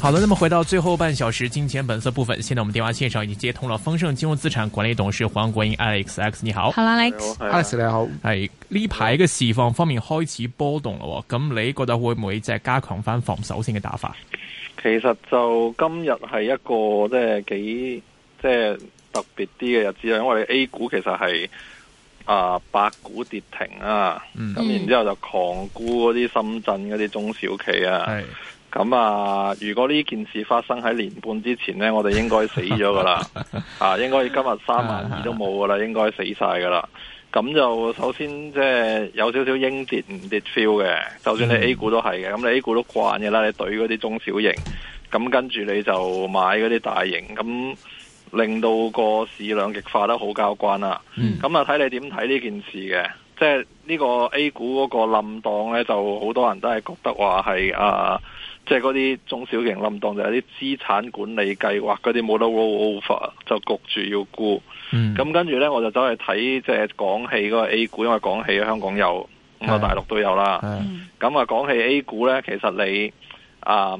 好的，那麼回到最後半小時金錢本色部分，現在我們電話線上已經接通了豐盛金融資產管理董事黃國英 Alex X，你好。Hello Alex、啊、Alex 你好。係呢排嘅市況方面開始波動咯，咁你覺得會唔會即係加強翻防守性嘅打法？其實就今日係一個即係幾即係特別啲嘅日子啊，因為 A 股其實係啊八股跌停啊，咁、嗯、然之後就狂沽嗰啲深圳嗰啲中小企啊。嗯咁啊！如果呢件事發生喺年半之前呢，我哋應該死咗噶啦， 啊，應該今日三萬二都冇噶啦， 應該死晒噶啦。咁就首先即係、就是、有少少應跌唔跌 feel 嘅，就算你 A 股都係嘅，咁你 A 股都慣嘅啦，你對嗰啲中小型，咁跟住你就買嗰啲大型，咁令到個市兩極化得好交關啦。咁啊，睇你點睇呢件事嘅？即係呢個 A 股嗰個冧檔呢，就好多人都係覺得話係啊。即係嗰啲中小型冧檔，就有啲資產管理計劃嗰啲冇得 roll over，就焗住要沽。咁、嗯、跟住呢，我就走去睇，即係港企嗰個 A 股，因為港企香港有，咁啊大陸都有啦。咁、嗯、啊港企 A 股呢，其實你啊，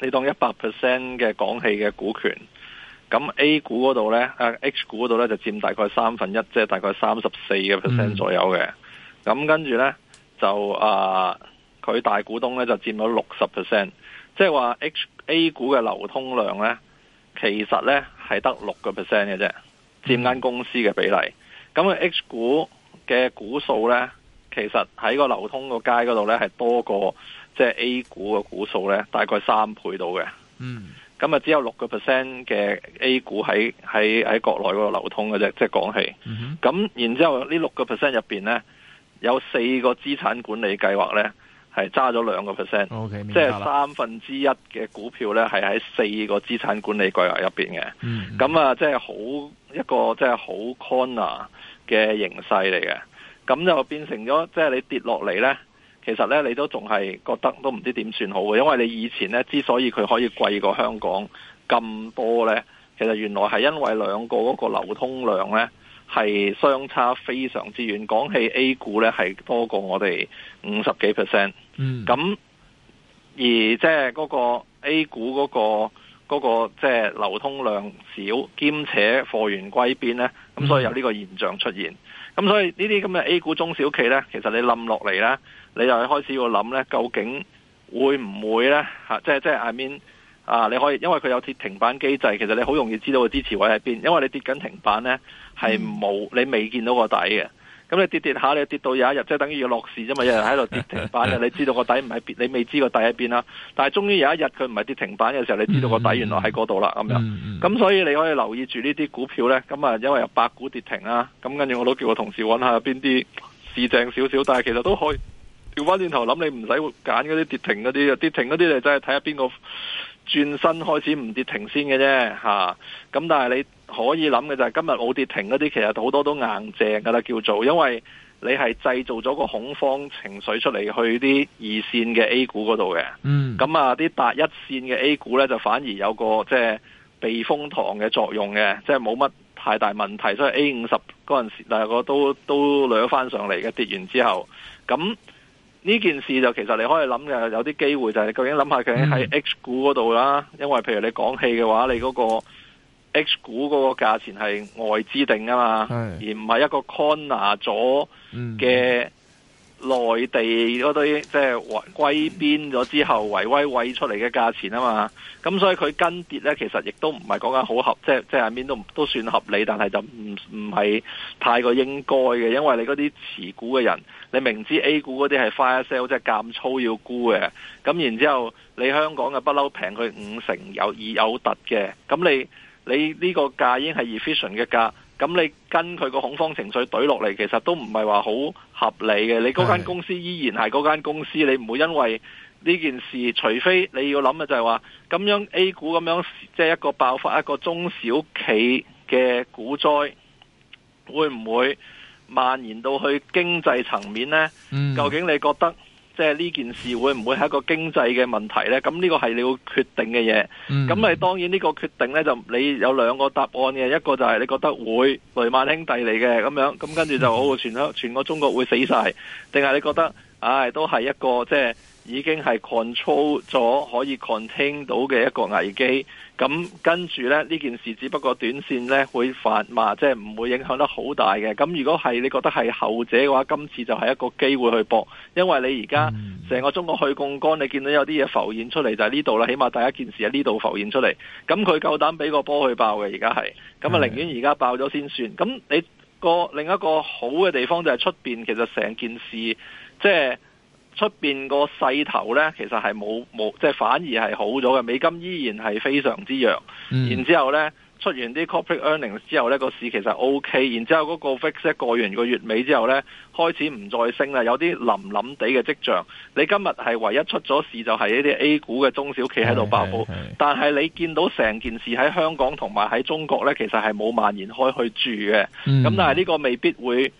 你當一百 percent 嘅港企嘅股權，咁 A 股嗰度呢，誒 H 股嗰度呢，就佔大概三分一，即係大概三十四嘅 percent 左右嘅。咁、嗯、跟住呢，就啊。佢大股東咧就占到六十 percent，即係話 A 股嘅流通量咧、嗯，其實咧係得六個 percent 嘅啫，占間公司嘅比例。咁佢 H 股嘅股數咧，其實喺個流通個街嗰度咧係多過即係、就是、A 股嘅股數咧，大概三倍到嘅。嗯，咁啊，只有六個 percent 嘅 A 股喺喺喺國內嗰個流通嘅啫，即係講起。咁、嗯、然之後6%呢六個 percent 入邊咧，有四個資產管理計劃咧。係揸咗兩個 percent，即係三分之一嘅股票呢，係喺四個資產管理計劃入邊嘅。咁、mm-hmm. 啊，即係好一個即係、就、好、是、corner 嘅形勢嚟嘅。咁就變成咗，即、就、係、是、你跌落嚟呢，其實呢，你都仲係覺得都唔知點算好嘅。因為你以前呢，之所以佢可以貴過香港咁多呢，其實原來係因為兩個嗰個流通量呢，係相差非常之遠。講起 A 股呢，係多過我哋五十幾 percent。嗯，咁而即係嗰個 A 股嗰個嗰個即係流通量少，兼且貨源歸邊咧，咁所以有呢個現象出現。咁、嗯、所以呢啲咁嘅 A 股中小企咧，其實你冧落嚟咧，你就開始要諗咧，究竟會唔會咧吓？即係即係 I mean 啊，你可以因為佢有跌停板機制，其實你好容易知道個支持位喺邊，因為你跌緊停板咧係冇，你未見到個底嘅。咁你跌跌下，你跌到有一日，即係等於要落市啫嘛，有人喺度跌停板，你知道個底唔係，你未知個底喺邊啦。但係終於有一日佢唔係跌停板嘅時候，你知道個底原來喺嗰度啦。咁樣，咁所以你可以留意住呢啲股票咧。咁啊，因為有百股跌停啦。咁跟住我都叫我同事揾下邊啲市正少少，但係其實都可以調翻轉頭諗，你唔使揀嗰啲跌停嗰啲，跌停嗰啲你真係睇下邊個轉身開始唔跌停先嘅啫，吓，咁但係你可以諗嘅就係今日冇跌停嗰啲，其實好多都硬淨㗎啦叫做，因為你係製造咗個恐慌情緒出嚟去啲二線嘅 A 股嗰度嘅，咁啊啲達一線嘅 A 股咧就反而有個即係、就是、避風塘嘅作用嘅，即係冇乜太大問題，所以 A 五十嗰陣時嗱個都都掠翻上嚟嘅，跌完之後咁。呢件事就其實你可以諗嘅有啲機會就係究竟諗下佢喺 H 股嗰度啦、嗯，因為譬如你講起嘅話，你嗰個 H 股嗰個價錢係外資定啊嘛，而唔係一個 corner 咗嘅內地嗰堆即係、嗯就是、歸邊咗之後維、嗯、威位出嚟嘅價錢啊嘛，咁所以佢跟跌呢，其實亦都唔係講緊好合，即係即係下面都都算合理，但係就唔唔係太過應該嘅，因為你嗰啲持股嘅人。你明知 A 股嗰啲係 fire sale，即係咁粗要沽嘅，咁然之後你香港嘅不嬲平佢五成有二有突嘅，咁你你呢個價已經係 efficient 嘅價，咁你跟佢個恐慌情緒懟落嚟，其實都唔係話好合理嘅。你嗰間公司依然係嗰間公司，你唔會因為呢件事，除非你要諗嘅就係話，咁樣 A 股咁樣即係一個爆發一個中小企嘅股災，會唔會？蔓延到去經濟層面呢，嗯、究竟你覺得即係呢件事會唔會係一個經濟嘅問題呢？咁呢個係你要決定嘅嘢。咁、嗯、你當然呢個決定呢，就你有兩個答案嘅，一個就係你覺得會雷曼兄弟嚟嘅咁樣，咁跟住就好、哦、全香全個中國會死晒。定係你覺得唉、哎、都係一個即係，已經係 control 咗可以 contain 到嘅一個危機，咁跟住呢呢件事只不過短線呢會發麻，即係唔會影響得好大嘅。咁如果係你覺得係後者嘅話，今次就係一個機會去搏。因為你而家成個中國去槓桿，你見到有啲嘢浮現出嚟就係呢度啦。起碼第一件事喺呢度浮現出嚟，咁佢夠膽俾個波去爆嘅，而家係咁啊，寧願而家爆咗先算。咁你個另一個好嘅地方就係出面，其實成件事即係。出面個勢頭呢，其實係冇冇，即係反而係好咗嘅。美金依然係非常之弱，嗯、然之後呢，出完啲 Corporate Earnings 之後呢，個市其實 O、OK, K。然之後嗰個息息過完個月尾之後呢，開始唔再升啦，有啲冧冧地嘅跡象。你今日係唯一出咗事就係一啲 A 股嘅中小企喺度爆煲，是是是但係你見到成件事喺香港同埋喺中國呢，其實係冇蔓延開去住嘅。咁、嗯、但係呢個未必會，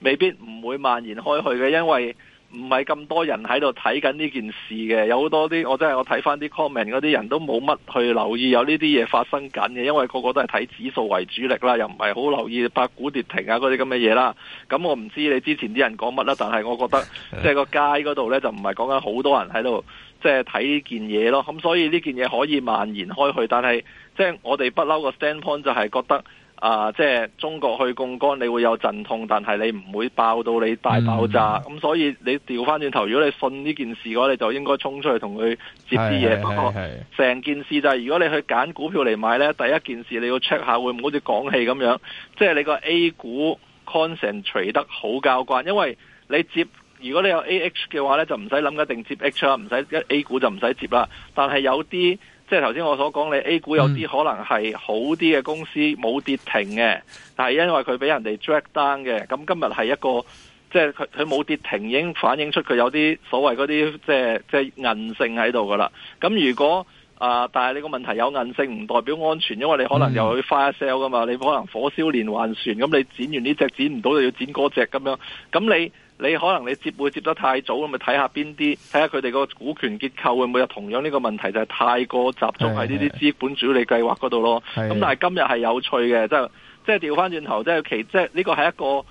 未必唔會蔓延開去嘅，因為唔係咁多人喺度睇緊呢件事嘅，有好多啲我真係我睇翻啲 comment 嗰啲人都冇乜去留意有呢啲嘢發生緊嘅，因為個個都係睇指數為主力啦，又唔係好留意百股跌停啊嗰啲咁嘅嘢啦。咁我唔知你之前啲人講乜啦，但係我覺得即係個街嗰度呢，就唔係講緊好多人喺度即係睇呢件嘢咯。咁所以呢件嘢可以蔓延開去，但係即係我哋不嬲個 standpoint 就係覺得。啊，即係中國去槓桿，你會有陣痛，但係你唔會爆到你大爆炸。咁、嗯、所以你調翻轉頭，如果你信呢件事嘅話，你就應該衝出去同佢接啲嘢、嗯。不過成、嗯嗯、件事就係、是，如果你去揀股票嚟買呢，第一件事你要 check 下會唔會好似港氣咁樣，即係你個 A 股 concentrate 得好交關。因為你接，如果你有 AH 嘅話呢，就唔使諗一定接 H 啦，唔使 A 股就唔使接啦。但係有啲即係頭先我所講，你 A 股有啲可能係好啲嘅公司冇、嗯、跌停嘅，但係因為佢俾人哋 drag down 嘅，咁今日係一個即係佢佢冇跌停已經反映出佢有啲所謂嗰啲即係即係韌性喺度噶啦。咁如果啊、呃，但係你個問題有韌性唔代表安全，因為你可能又去 fire sale 噶嘛，你可能火燒連環船，咁你剪完呢隻剪唔到，就要剪嗰隻咁樣，咁你。你可能你接會接得太早咁，咪睇下邊啲，睇下佢哋個股權結構會唔會有同樣呢個問題，就係太過集中喺呢啲資本主理計劃嗰度咯。咁但係今日係有趣嘅，即係即係調翻轉頭，即係其即係呢個係一個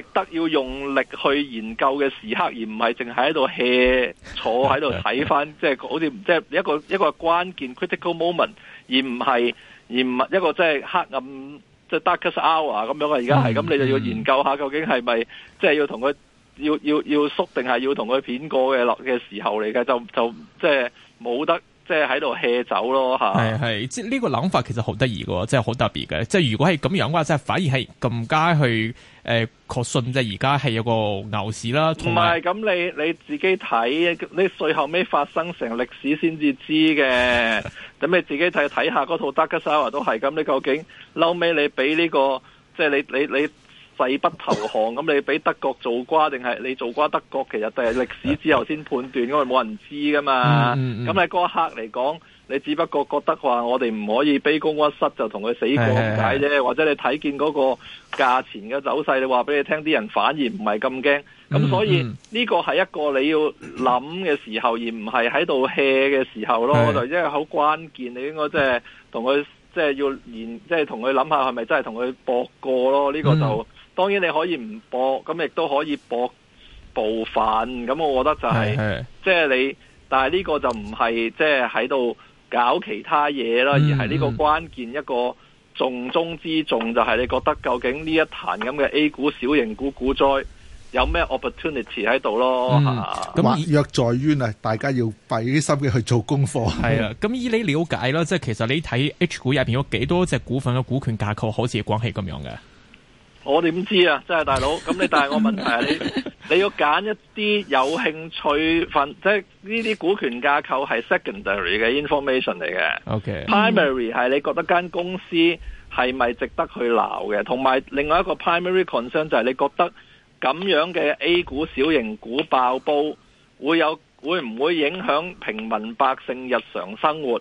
值得要用力去研究嘅時刻，而唔係淨係喺度 hea 坐喺度睇翻，即係好似即係一個一個關鍵 critical moment，而唔係而唔係一個即係黑暗即係、就是、darkness hour 咁樣啊！而家係咁，嗯、你就要研究下、嗯、究竟係咪即係要同佢。要要要縮定係要同佢片過嘅落嘅時候嚟嘅，就就,就即係冇得即係喺度 hea 走咯吓係係，即係呢個諗法其實好得意嘅，即係好特別嘅。即係如果係咁樣嘅話，即係反而係更加去誒、呃、確信，即係而家係有個牛市啦。同埋咁，你你自己睇，你最後尾發生成歷史先至知嘅。等 你自己睇睇下嗰套《Dark Castle》都係咁。你究竟後尾你俾呢、呢個，即係你你你。你你誓不投降咁，你俾德國做瓜定係你做瓜德國？其實都係歷史之後先判斷，因為冇人知噶嘛。咁喺嗰一刻嚟講，你只不過覺得話我哋唔可以卑躬屈膝，就同佢死過唔解啫。或者你睇見嗰個價錢嘅走勢，你話俾你聽，啲人反而唔係咁驚。咁、嗯、所以呢、嗯這個係一個你要諗嘅時候，嗯、而唔係喺度 hea 嘅時候咯。就因為好關鍵，你應該即係同佢即係要即係同佢諗下係咪真係同佢搏過咯？呢、嗯這個就當然你可以唔博，咁亦都可以博部分。咁我覺得就係、是，即係、就是、你，但係呢個就唔係即係喺度搞其他嘢啦、嗯，而係呢個關鍵一個重中之重就係、是、你覺得究竟呢一壇咁嘅 A 股小型股股災有咩 opportunity 喺度咯？話、嗯、若、啊、在於啊，大家要畀啲心機去做功課。係啊，咁以你了解啦即係其實你睇 H 股入面有幾多隻股份嘅股權架構好似廣汽咁樣嘅。我點知啊？真係大佬，咁你帶我問題係你你要揀一啲有興趣份，即係呢啲股權架構係 secondary 嘅 information 嚟嘅。Okay. primary 係你覺得間公司係咪值得去鬧嘅？同埋另外一個 primary concern 就係你覺得咁樣嘅 A 股小型股爆煲會有會唔會影響平民百姓日常生活？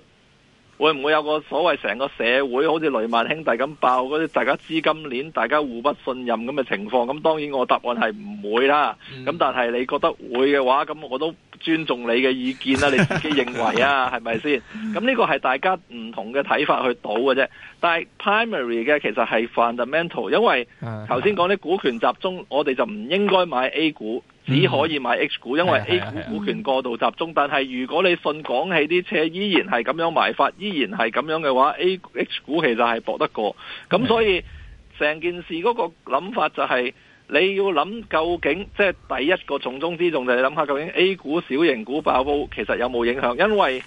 會唔會有個所謂成個社會好似雷曼兄弟咁爆嗰啲，大家資金鏈大家互不信任咁嘅情況？咁當然我答案係唔會啦。咁但係你覺得會嘅話，咁我都尊重你嘅意見啦。你自己認為啊，係咪先？咁呢個係大家唔同嘅睇法去賭嘅啫。但係 primary 嘅其實係 fundamental，因為頭先講啲股權集中，我哋就唔應該買 A 股。只可以買 H 股，因為 A 股股權過度集中。是是是，但係如果你信港氣啲車依然係咁樣賣法，依然係咁樣嘅話，A、H 股其實係搏得過。咁所以成件事嗰個諗法就係、是、你要諗究竟，即係第一個重中之重就係諗下究竟 A 股小型股爆煲其實有冇影響？因為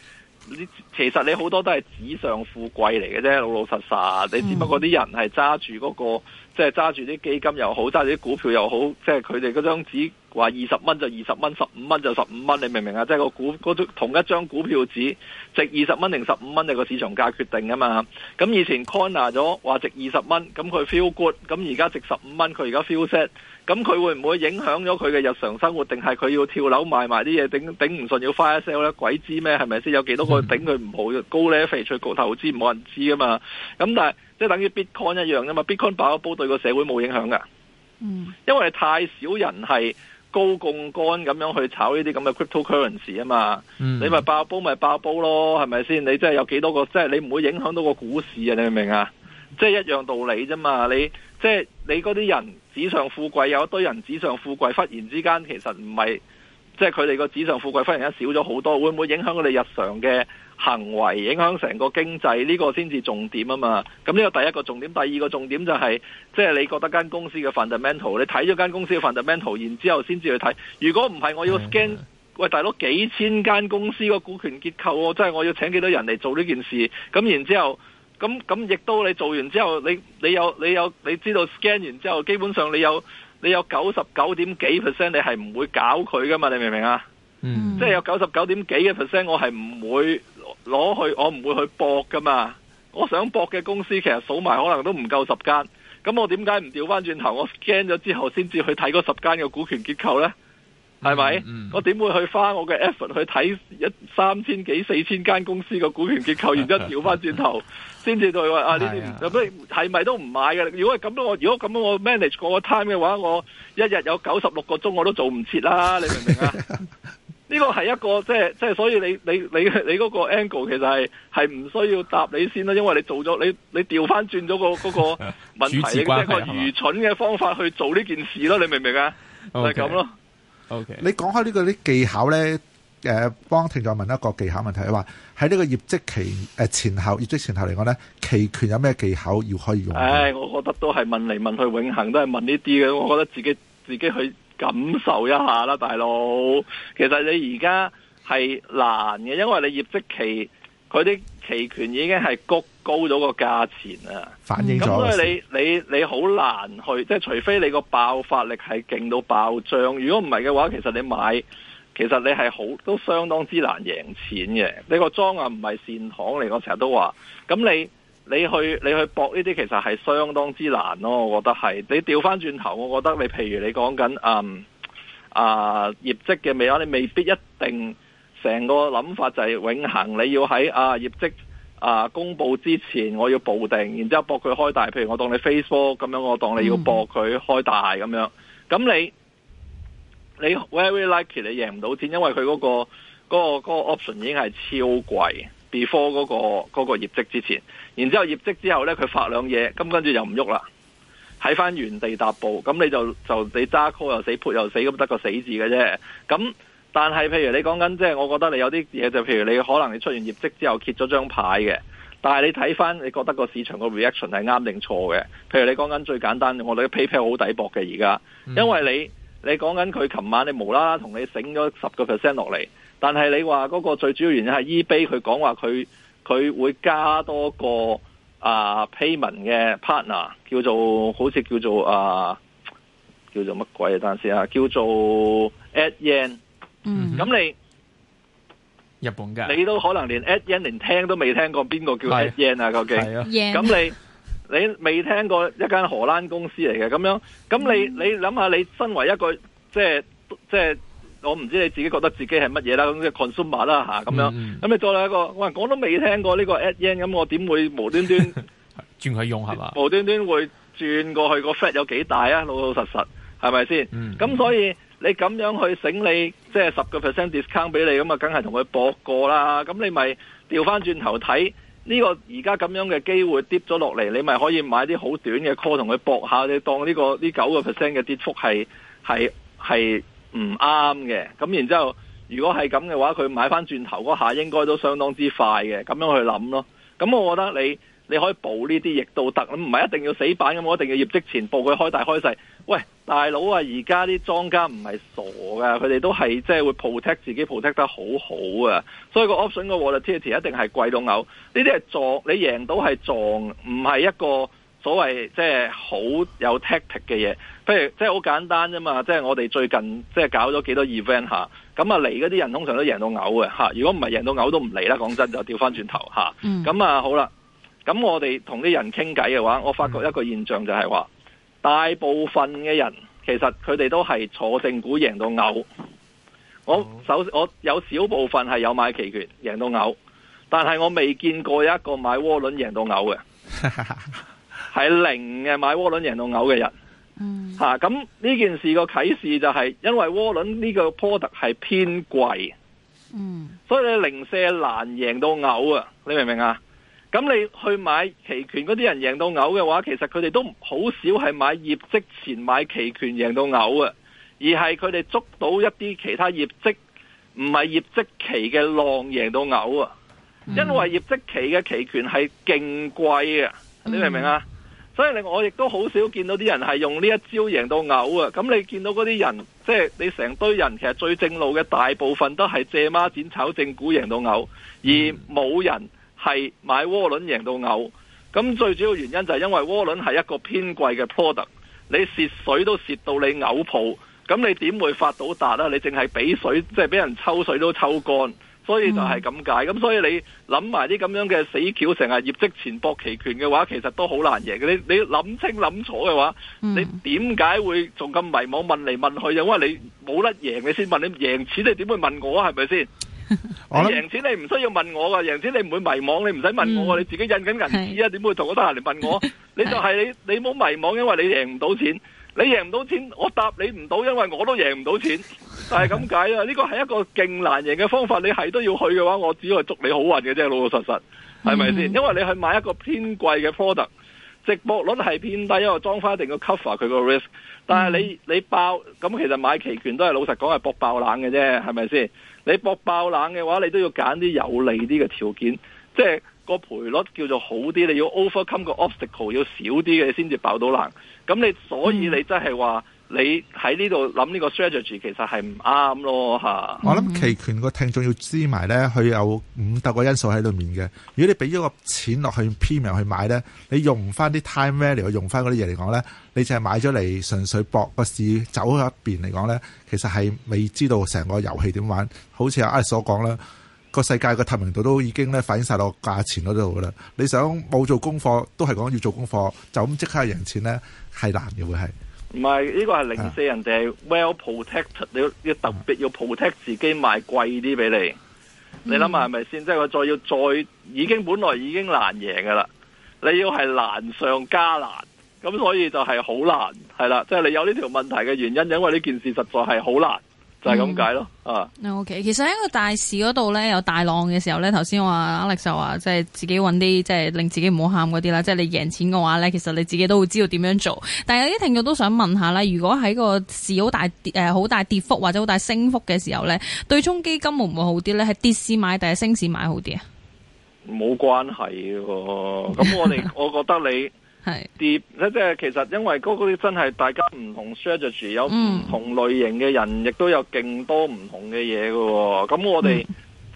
你其實你好多都係紙上富貴嚟嘅啫，老老實實。你只不過啲人係揸住嗰個。嗯即係揸住啲基金又好，揸住啲股票又好，即係佢哋嗰張紙話二十蚊就二十蚊，十五蚊就十五蚊，你明唔明啊？即係個股同一張股票紙值二十蚊定十五蚊，就個市場價決定啊嘛。咁以前 corner 咗話值二十蚊，咁佢 feel good，咁而家值十五蚊，佢而家 feel sad，咁佢會唔會影響咗佢嘅日常生活，定係佢要跳樓賣埋啲嘢頂頂唔順要 fire sale 咧？鬼知咩？係咪先有幾多個頂佢唔好 高咧？翡翠局投資冇人知啊嘛。咁但係即係等於 bitcoin 一樣啫嘛，bitcoin 把個個社會冇影響噶，嗯，因為太少人係高槓桿咁樣去炒呢啲咁嘅 crypto currency 啊嘛，你咪爆煲咪爆煲咯，係咪先？你真係有幾多個，即係你唔會影響到個股市啊？你明唔明啊？即係一樣道理啫嘛，你即係你嗰啲人紙上富貴，有一堆人紙上富貴，忽然之間其實唔係，即係佢哋個紙上富貴忽然間少咗好多，會唔會影響佢哋日常嘅？行為影響成個經濟呢個先至重點啊嘛，咁呢個第一個重點，第二個重點就係，即係你覺得間公司嘅 fundamental，你睇咗間公司嘅 fundamental，然之後先至去睇。如果唔係，我要 scan，喂大佬幾千間公司個股權結構，即係我要請幾多人嚟做呢件事，咁然之後，咁咁亦都你做完之後，你你有你有你知道 scan 完之後，基本上你有你有九十九點幾 percent，你係唔會搞佢噶嘛？你明唔明啊？嗯，即係有九十九點幾嘅 percent，我係唔會。攞去我唔會去搏噶嘛，我想搏嘅公司其實數埋可能都唔夠十間，咁我點解唔調翻轉頭？我 Scan 咗之後，先至去睇嗰十間嘅股權結構呢？係、嗯、咪、嗯？我點會去花我嘅 effort 去睇一三千幾四千間公司嘅股權結構，然之後調翻轉頭，先至再話啊呢啲，咁係咪都唔買嘅？如果咁樣，樣，我如果咁樣我 manage 個 time 嘅話，我一日有九十六個鐘我都做唔切啦，你明唔明啊？ 呢、這個係一個即係即係，所以你你你你嗰個 angle 其實係係唔需要答你先啦，因為你做咗你你調翻轉咗個嗰個問題，即 係、就是、一個愚蠢嘅方法去做呢件事咯， 你明唔明啊？就係咁咯。O、okay. K，、okay. 你講開呢個啲技巧咧，誒、呃，幫聽眾問一個技巧問題，話喺呢個業績期誒、呃、前後，業績前後嚟講咧，期權有咩技巧要可以用？誒、哎，我覺得都係問嚟問去，永恆都係問呢啲嘅。我覺得自己自己去。感受一下啦，大佬。其實你而家係難嘅，因為你業績期佢啲期權已經係谷高咗個價錢啊，反映咁，所以你你你好難去，即係除非你個爆發力係勁到爆漲，如果唔係嘅話，其實你買，其實你係好都相當之難贏錢嘅。你個莊啊，唔係善堂嚟，我成日都話，咁你你去你去搏呢啲，其實係相當之難咯。我覺得係你調翻轉頭，我覺得你譬如你講緊、嗯、啊啊業績嘅未，啊，你未必一定成個諗法就係永恆。你要喺啊業績啊公佈之前，我要報定，然之後搏佢開大。譬如我當你 Facebook 咁樣，我當你要搏佢開大咁樣。咁、嗯、你你 very likely 你贏唔到錢，因為佢嗰個嗰個嗰個 option 已經係超貴。Before 嗰個嗰個業績之前。然之後業績之後呢，佢發兩嘢，咁跟住又唔喐啦，喺翻原地踏步。咁你就就你揸 call 又死，put 又死，咁得個死字嘅啫。咁但係譬如你講緊即係，就是、我覺得你有啲嘢就是、譬如你可能你出完業績之後揭咗張牌嘅，但係你睇翻你覺得個市場個 reaction 係啱定錯嘅。譬如你講緊最簡單，我哋嘅 PayPal 好抵博嘅而家，因為你你講緊佢琴晚你無啦啦同你醒咗十個 percent 落嚟，但係你話嗰個最主要原因係 eBay 佢講話佢。佢會加多個啊 payment 嘅 partner，叫做好似叫做啊叫做乜鬼啊？但是啊，叫做，做 Atian，嗯，咁你日本嘅，你都可能連 Atian 連聽都未聽過邊個叫 Atian 啊？究竟，咁、啊、你你未聽過一間荷蘭公司嚟嘅咁樣？咁你、嗯、你諗下，你身為一個即係即係。我唔知你自己覺得自己係乜嘢啦，咁即係 consumer 啦咁、啊、樣。咁、嗯、你再嚟一個，喂！我都未聽過呢個 atian，咁我點會無端端轉佢用係嘛？無端端會轉過去、那個 fat 有幾大啊？老老實實係咪先？咁、嗯、所以你咁樣去整你，即係十個 percent discount 俾你，咁啊，梗係同佢搏過啦。咁你咪調翻轉頭睇呢個而家咁樣嘅機會跌咗落嚟，你咪可以買啲好短嘅 call 同佢搏下，你當當、這、呢個呢九個 percent 嘅跌幅係係係。唔啱嘅，咁然之後，如果係咁嘅話，佢買翻轉頭嗰下應該都相當之快嘅，咁樣去諗咯。咁、嗯、我覺得你你可以報呢啲亦都得。咁，唔係一定要死板咁，我一定要業績前報佢開大開細。喂，大佬啊，而家啲莊家唔係傻噶，佢哋都係即係會 protect 自己 protect 得好好啊。所以個 option 個 volatility 一定係貴到牛，呢啲係撞，你贏到係撞，唔係一個。所謂即係好有 tactic 嘅嘢，譬如即係好簡單啫嘛，即係我哋最近即係搞咗幾多 event 吓、啊，咁啊嚟嗰啲人通常都贏到嘔嘅吓。如果唔係贏到嘔都唔嚟啦，講真就掉翻轉頭吓。咁啊、， 嗯、啊好啦，咁我哋同啲人傾偈嘅話，我發覺一個現象就係、是、話，嗯、大部分嘅人其實佢哋都係坐正股贏到嘔。我首我有少部分係有買期權贏到嘔，但係我未見過有一個買窩輪贏到嘔嘅。 係零嘅買渦輪贏到嘔嘅人，嗯，吓，咁呢件事個啟示就係，因為渦輪呢個波 t 係偏貴，嗯，所以你零舍難贏到嘔啊，你明唔明啊？咁你去買期權嗰啲人贏到嘔嘅話，其實佢哋都好少係買業績前買期權贏到嘔啊，而係佢哋捉到一啲其他業績唔係業績期嘅浪贏到嘔啊，因為業績期嘅期權係勁貴啊，你明唔明啊？嗯嗯所以我亦都好少見到啲人係用呢一招贏到嘔啊！咁你見到嗰啲人，即係你成堆人，其實最正路嘅大部分都係借孖展炒正股贏到嘔，而冇人係買渦輪贏到嘔。咁最主要原因就係因為渦輪係一個偏貴嘅 product，你蝕水都蝕到你嘔泡，咁你點會發到達啦？你淨係俾水，即係俾人抽水都抽乾。所以就係咁解，咁所以你諗埋啲咁樣嘅死橋，成日業績前博期權嘅話，其實都好難贏嘅。你你諗清諗楚嘅話，你點解會仲咁迷惘問嚟問去啊？因為你冇得贏你先問，你贏錢你點會問我係咪先？你贏錢你唔需要問我噶，贏錢你唔會迷惘，你唔使問我，你自己印緊銀紙啊，點會同我得閒嚟問我？你就係你你冇迷惘，因為你贏唔到錢，你贏唔到錢，我答你唔到，因為我都贏唔到錢。 但係咁解啊！呢、這個係一個勁難贏嘅方法。你係都要去嘅話，我只係祝你好運嘅啫，老老實實，係咪先？Mm-hmm. 因為你去買一個偏貴嘅 product，直播率係偏低，因為莊方一定要 cover 佢個 risk 但。但係你你爆咁，其實買期權都係老實講係搏爆冷嘅啫，係咪先？你搏爆冷嘅話，你都要揀啲有利啲嘅條件，即、就、係、是、個賠率叫做好啲。你要 overcome 個 obstacle 要少啲嘅先至爆到冷。咁你所以你真係話。Mm-hmm. 你喺呢度諗呢個 strategy，其實係唔啱咯吓。我諗期權個聽眾要知埋咧，佢有五六個因素喺裏面嘅。如果你俾咗個錢落去 premium 去買咧，你用唔翻啲 time value，用翻嗰啲嘢嚟講咧，你淨係買咗嚟純粹搏個市走喺一邊嚟講咧，其實係未知道成個遊戲點玩。好似阿阿所講啦，個世界個透明度都已經咧反映晒落個價錢嗰度噶啦。你想冇做功課都係講要做功課，就咁即刻贏錢咧，係難嘅會係。唔係呢個係零舍人哋係 well protect，你要，要特別要 protect 自己賣貴啲俾你。你諗下係咪先？Mm. 即係佢再要再，已經本來已經難贏噶啦，你要係難上加難，咁所以就係好難，係啦。即係你有呢條問題嘅原因，因為呢件事實在係好難。就係咁解咯，啊，OK，其實喺個大市嗰度咧，有大浪嘅時候咧，頭先我阿 Alex 說就話，即係自己搵啲即係令自己唔好喊嗰啲啦。即係你贏錢嘅話咧，其實你自己都會知道點樣做。但係有啲聽眾都想問下啦，如果喺個市好大跌，誒好大跌幅，或者好大升幅嘅時候咧，對沖基金會唔會好啲咧？係跌市買定係升市買好啲啊？冇關係、哦，咁我哋 我覺得你。跌，即係其實因為嗰啲真係大家唔同 strategy，有唔同類型嘅人，亦、嗯、都有勁多唔同嘅嘢㗎。咁我哋、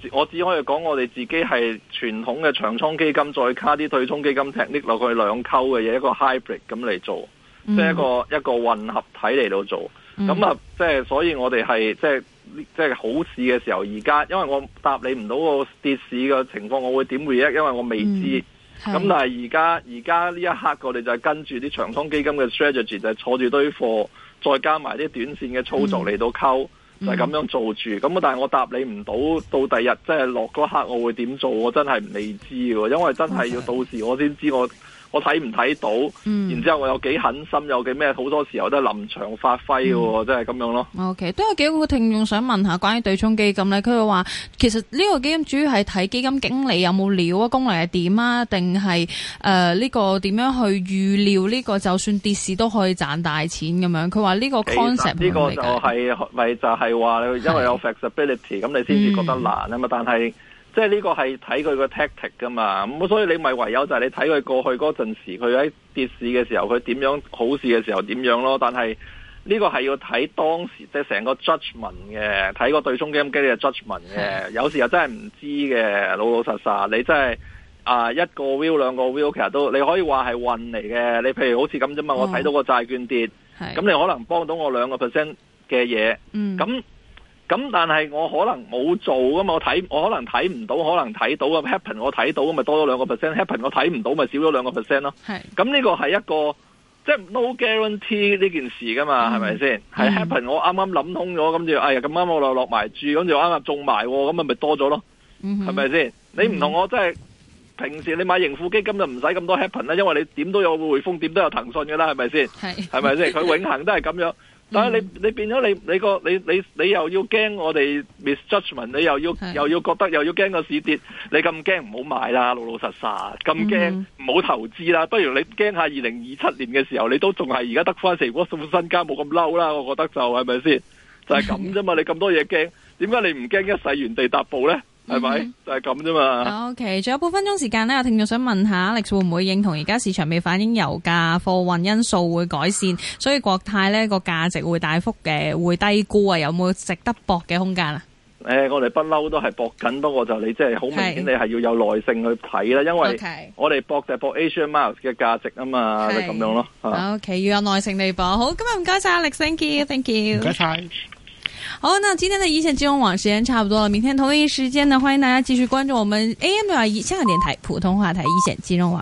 嗯、我只可以講我哋自己係傳統嘅長倉基金，再加啲對沖基金踢，拎落去兩溝嘅嘢，一個 hybrid 咁嚟做，嗯、即係一個、嗯、一個混合體嚟到做。咁、嗯、啊，即係、就是、所以我哋係即係即係好市嘅時候，而家因為我答你唔到個跌市嘅情況，我會點回應？因為我未知。嗯咁但係而家，而家呢一刻我哋就係跟住啲長通基金嘅 strategy 就係坐住堆貨，再加埋啲短線嘅操作嚟到溝，嗯、就係咁樣做住。咁、嗯、但係我答你唔到，到第日即係落嗰刻，我會點做？我真係唔未知喎，因為真係要到時我先知我。我睇唔睇到，嗯、然之後我有幾狠心，有幾咩好多時候都係臨場發揮喎，真係咁樣咯。OK，都有幾個聽眾想問下關於對沖基金咧，佢會話其實呢個基金主要係睇基金經理有冇料啊，功力係點啊，定係呢個點樣去預料呢個就算、呃這個這個、跌市都可以賺大錢咁樣。佢話呢個 concept 呢、哎、個就係、是、咪就係、是、話、就是、因為有 flexibility 咁，你先至覺得難啊嘛、嗯，但係。即係呢個係睇佢個 tactic 噶嘛，咁所以你咪唯有就係你睇佢過去嗰陣時，佢喺跌市嘅時候，佢點樣好市嘅時候點樣咯。但係呢個係要睇當時即係成個 judgement 嘅，睇個對沖基金嘅 judgement 嘅，有時又真係唔知嘅。老老實實，你真係啊、呃、一個 view 兩個 view，其實都你可以話係運嚟嘅。你譬如好似咁啫嘛，我睇到個債券跌，咁、哦、你可能幫到我兩個 percent 嘅嘢，咁、嗯。咁但係我可能冇做㗎嘛，我睇我可能睇唔到，可能睇到啊。Happen 我睇到咁咪多咗兩個 percent，Happen 我睇唔到咪少咗兩個 percent 咯。係咁呢個係一個即係、就是、no guarantee 呢件事噶嘛，係咪先？係 Happen、嗯、我啱啱諗通咗，跟住哎呀咁啱我落落埋注，跟住啱啱中埋，咁咪咪多咗咯，係咪先？你唔同我即係、就是、平時你買盈富基金就唔使咁多 Happen 啦，因為你點都有匯豐，點都有騰訊噶啦，係咪先？係係咪先？佢永恆都係咁樣。 但係你你變咗你你個你你你又要驚我哋 misjudgment，你又要又要覺得又要驚個市跌，你咁驚唔好買啦，老老實實，咁驚唔好投資啦，不如你驚下二零二七年嘅時候，你都仲係而家得翻四股，仲有身家，冇咁嬲啦，我覺得就係咪先？就係咁啫嘛，你咁多嘢驚，點解你唔驚一世原地踏步咧？係咪、mm-hmm. 就係咁啫嘛？OK，仲有半分鐘時間咧，有聽眾想問一下 Alex 會唔會認同而家市場未反映油價、貨運因素會改善，所以國泰呢個價值會大幅嘅會低估啊？有冇值得博嘅空間啊？誒、欸，我哋不嬲都係博緊，不過就你即係好明顯你係要有耐性去睇啦，因為我哋博就係博 Asian Miles 嘅價值啊嘛，就咁樣咯。OK，要有耐性嚟博。好，今日唔該晒 Alex，thank you，thank you, thank you. 謝謝。唔該晒。好，那今天的一線金融網時間差不多了。明天同一時間呢，歡迎大家繼續關注我們 AM 六二一香港電台普通話台一線金融網。